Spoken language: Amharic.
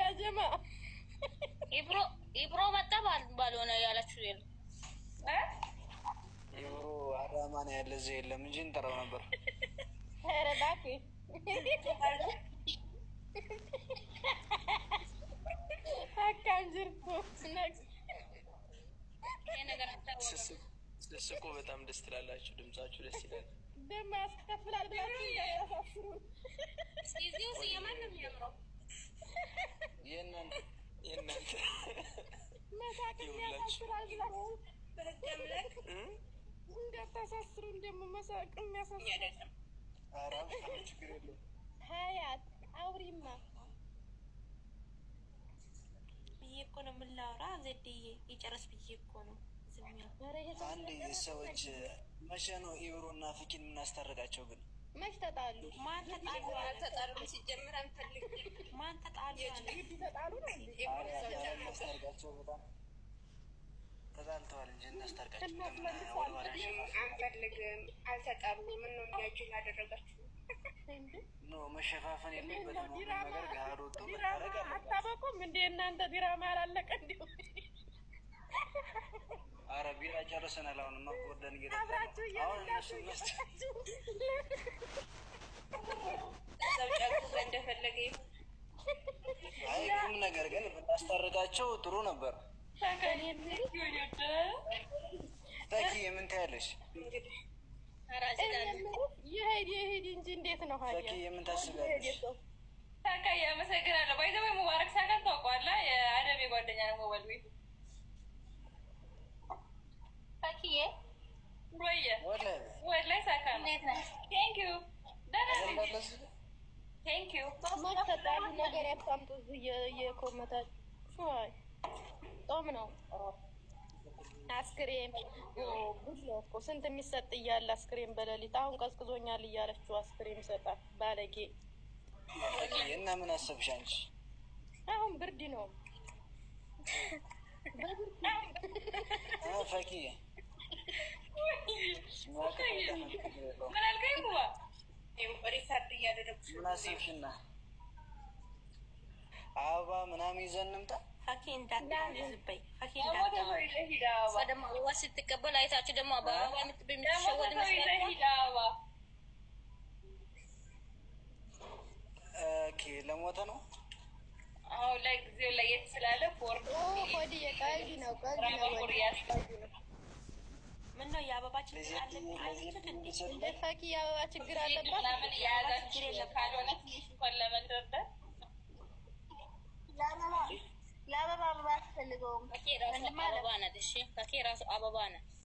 ያጀማ ኢብሮ ኢብሮ መጣ ባልሆነ ያላችሁ የለ ኢብሮ አዳማ ነው ያለ እዚህ የለም እንጂ እንጠራው ነበር። ኧረ እባክህ ስስቁ በጣም ደስ ትላላችሁ። ድምጻችሁ ደስ ይላል። ደማ ያስከፍላል ብላችሁ እንዳታሳስሩን ደግሞ መሳቅ የሚያሳስረው ሀያት አውሪማ ብዬ እኮ ነው የምላወራ። ዘዴዬ የጨረስ ብዬ እኮ ነው። አንድ ሰዎች መቼ ነው ኢብሮ እና ፍኪን የምናስታርቃቸው? ግን መች ተጣሉ? ማን ተጣሉ? ተጣሉ ሲጀምር አንፈልግ ማን ተጣሉ? ተጣሉ ነው። ተጣልተዋል እንጂ እናስታርቃቸው አልተጣሉ ምን ነው ላደረጋችሁ ኖ መሸፋፈን አታበቁም እናንተ ዲራማ እንዲሁ አረ ቢራ ጨርሰናል። አሁን እንደፈለገ ቁም ነገር ግን ብናስታርቃቸው ጥሩ ነበር። ታኪ ምን ታያለሽ? ይሄድ ይሄድ እንጂ እንዴት ነው ታኪ ምን ታስቢያለሽ? ታካ ያመሰግናለሁ። ባይዘ ወይ ሙባረክ ሳካን ታውቀዋለህ? የአደብ ጓደኛ ነው። ሞባይል ቤት ታኪዬ ወየ ወላይ ሳካ ነው። ቴንክ ዩ ደህና ነኝ። ቴንክ ዩ ማሰጣሉ ነገር ያታምጡ እየኮመታችሁ አይ አስክሬን ጉድ ነው እኮ ስንት የሚሰጥ እያለ አስክሬን በሌሊት አሁን ቀዝቅዞኛል እያለችው አስክሬን ይሰጣል ባለጌ። እና ምን አሰብሽ አንቺ? አሁን ብርድ ነው ፈኪ። ምን አሰብሽና አበባ ምናምን ይዘን እንምጣ ፈኬ እንዳታዝበኝ ስትቀበል አይታችሁ ደግሞ በአበባ የምትሸወድ መስላችሁ ለሞተ ነው አሁን ላይ ጊዜው ለየት ስላለ ቦርድ ሆድ ችግር አለብኝ ፈኪ የአበባ ችግር አለባት ካልሆነ ትንሽ አልፈልገውም። ከኬ ራሱ አበባ ናት። እሺ ከኬ ራሱ አበባ ናት።